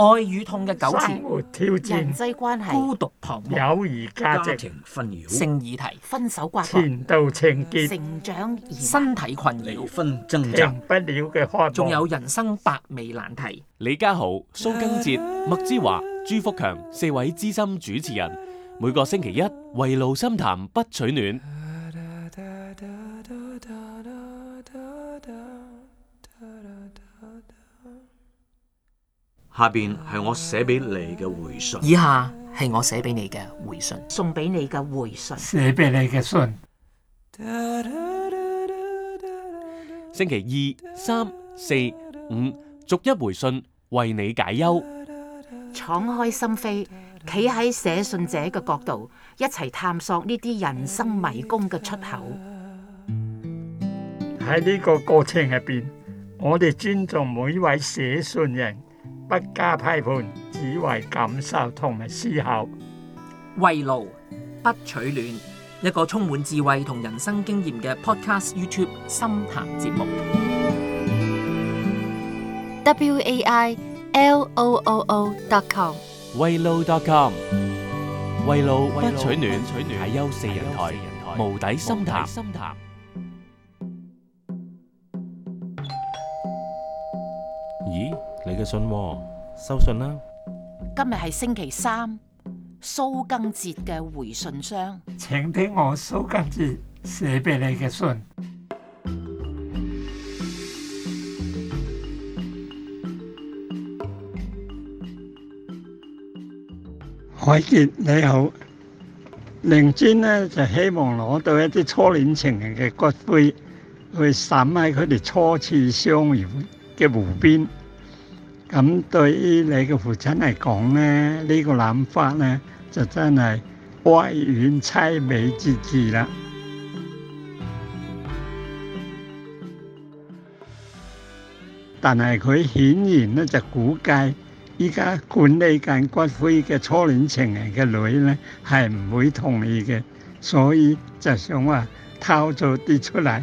愛與痛嘅糾纏，人際關係，孤獨彷徨，友誼價值，情分紛擾，成議題，分手關頭，前度情結，成長，身體困擾，婚姻不了嘅仲有人生百味難題。李家豪、蘇賡哲、麥之華、朱福強四位資深主持人，每個星期一圍爐深談，不取暖。下邊係我寫俾你嘅回信。以下係我寫俾你嘅回信，送俾你嘅回信，寫俾你嘅信。星期二、三、四、五，逐一回信，為你解憂，敞開心扉，企喺寫信者嘅角度，一齊探索呢啲人生迷宮嘅出口。喺呢個過程入邊，我哋尊重每一位寫信人。不加批判，只為感受同埋思考。圍爐不取暖，一個充滿智慧同人生經驗嘅 podcast YouTube 深談節目。w a i l o o o dot com。圍爐 dot com。圍爐不取暖，係優四人台無底深談。你嘅信，收信啦。今日係星期三，蘇賡哲嘅回信箱，請聽我蘇賡哲寫俾你嘅信。海杰你好，靈尊呢就希望攞到一啲初戀情人嘅骨灰，去散喺佢哋初次相遇嘅湖邊。咁對於你嘅父親嚟講咧，呢個諗法咧就真係哀怨悽美之至啦。但係佢顯然咧就估計，依家管理緊骨灰嘅初戀情人嘅女咧係唔會同意嘅，所以就想話偷咗啲出嚟。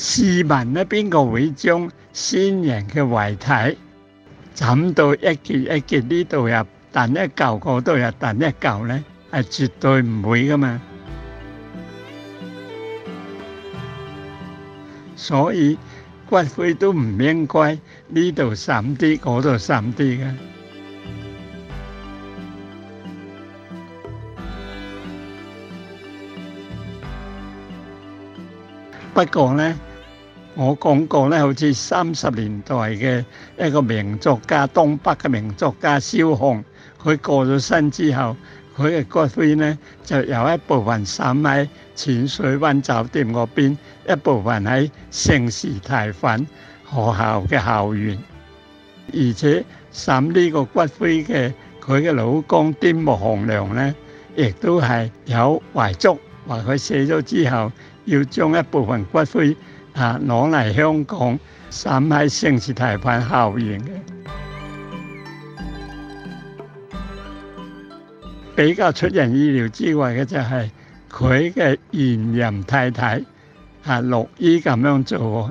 市民呢，邊個會將先人嘅遺體斬到一截一截呢度入，但一舊嗰度入，但一舊咧係絕對唔會噶嘛。所以骨灰都唔應該呢度散啲，嗰度散啲噶。不過咧。我講過咧，好似三十年代嘅一個名作家，東北嘅名作家蕭紅，佢過咗身之後，佢嘅骨灰呢，就有一部分散喺淺水灣酒店嗰邊，一部分喺聖士提反學校嘅校園。而且散呢個骨灰嘅佢嘅老公端木蕻良呢，亦都係有遺囑話佢死咗之後要將一部分骨灰。啊！攞嚟香港散喺聖士提反校園嘅，比較出人意料之外嘅就係佢嘅現任太太啊，陸姨咁樣做，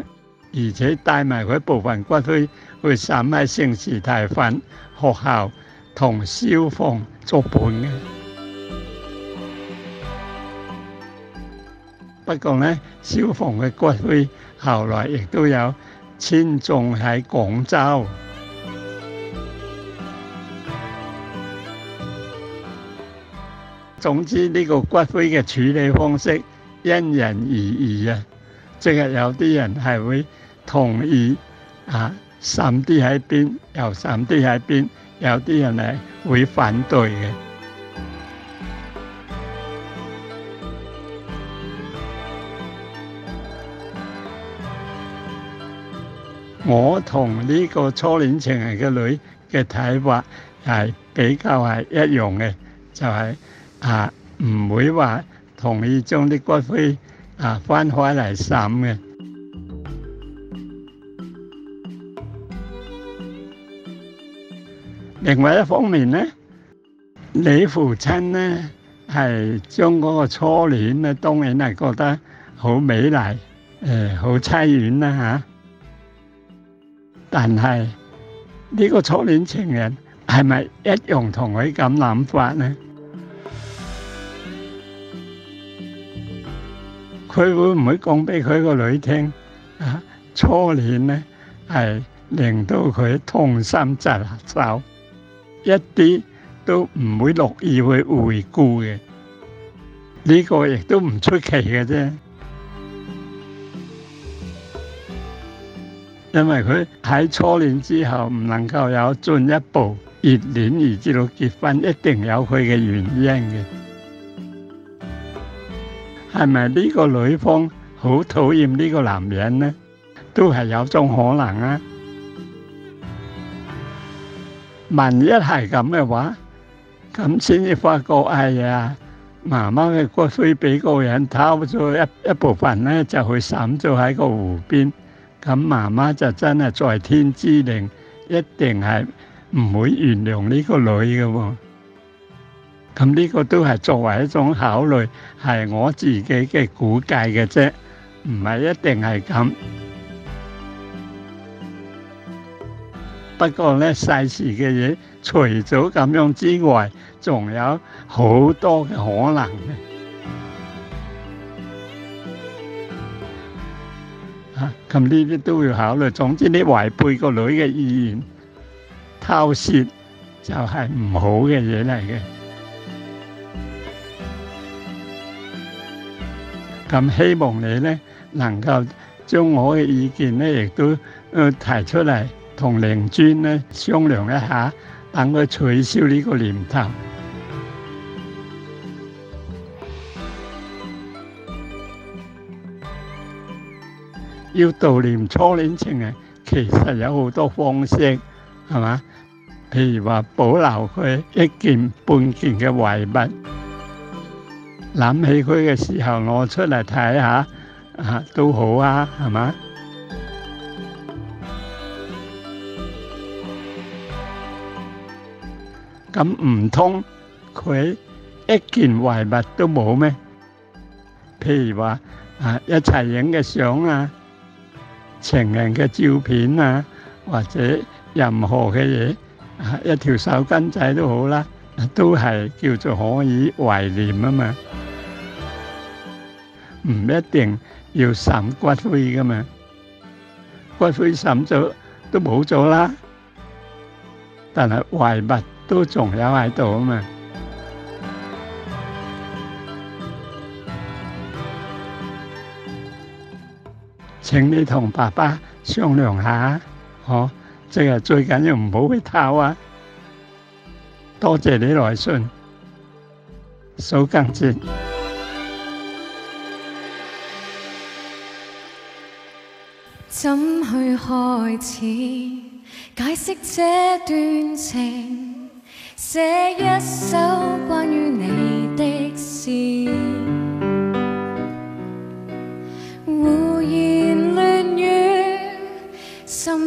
而且帶埋佢部分骨灰去散喺聖士提反學校同消防作伴嘅。不過呢，小鳳嘅骨灰後來亦都有遷葬喺廣州。總之呢個骨灰嘅處理方式因人而異啊！即係有啲人係會同意啊，散啲喺邊，又散啲喺邊；有啲人係會反對嘅。我同呢個初戀情人嘅女嘅睇法係比較係一樣嘅，就係啊唔會話同意將啲骨灰啊翻開嚟審嘅。另外一方面咧，你父親咧係將嗰個初戀咧當然係覺得好美麗，誒好淒婉啦嚇。但係呢個初戀情人係咪一樣同佢噉諗法呢？佢會唔會講畀佢個女聽啊？初戀呢係令到佢痛心疾首，一啲都唔會樂意去回顧嘅。呢個亦都唔出奇嘅啫。因為佢喺初戀之後唔能夠有進一步熱戀而至到結婚，一定有佢嘅原因嘅。係咪呢個女方好討厭呢個男人咧？都係有種可能啊。萬一係咁嘅話，咁先至發覺哎呀媽媽嘅骨灰俾個人偷咗一一部分咧，就去散咗喺個湖邊。咁媽媽就真係在天之靈一定係唔會原諒呢個女嘅喎。咁呢個都係作為一種考慮，係我自己嘅估計嘅啫，唔係一定係咁。不過咧，世事嘅嘢除咗咁樣之外，仲有好多嘅可能嘅。咁呢啲都要考慮，總之你違背個女嘅意願，偷竊就係唔好嘅嘢嚟嘅。咁希望你咧能夠將我嘅意見咧亦都誒提出嚟，同令尊咧商量一下，等佢取消呢個念頭。要悼念初戀情人，其實有好多方式，係嘛？譬如話保留佢一件半件嘅遺物，諗起佢嘅時候，攞出嚟睇下，啊都好啊，係嘛？咁唔通佢一件遺物都冇咩？譬如話啊一齊影嘅相啊？情人嘅照片啊，或者任何嘅嘢啊，一條手巾仔都好啦，都係叫做可以懷念啊嘛。唔一定要抌骨灰噶嘛，骨灰抌咗都冇咗啦，但係遺物都仲有喺度啊嘛。請你同爸爸商量下，哦，即係最緊要唔好去偷啊！多謝你來信，蘇賡哲。怎去開始解釋這段情，寫一首關於你的詩。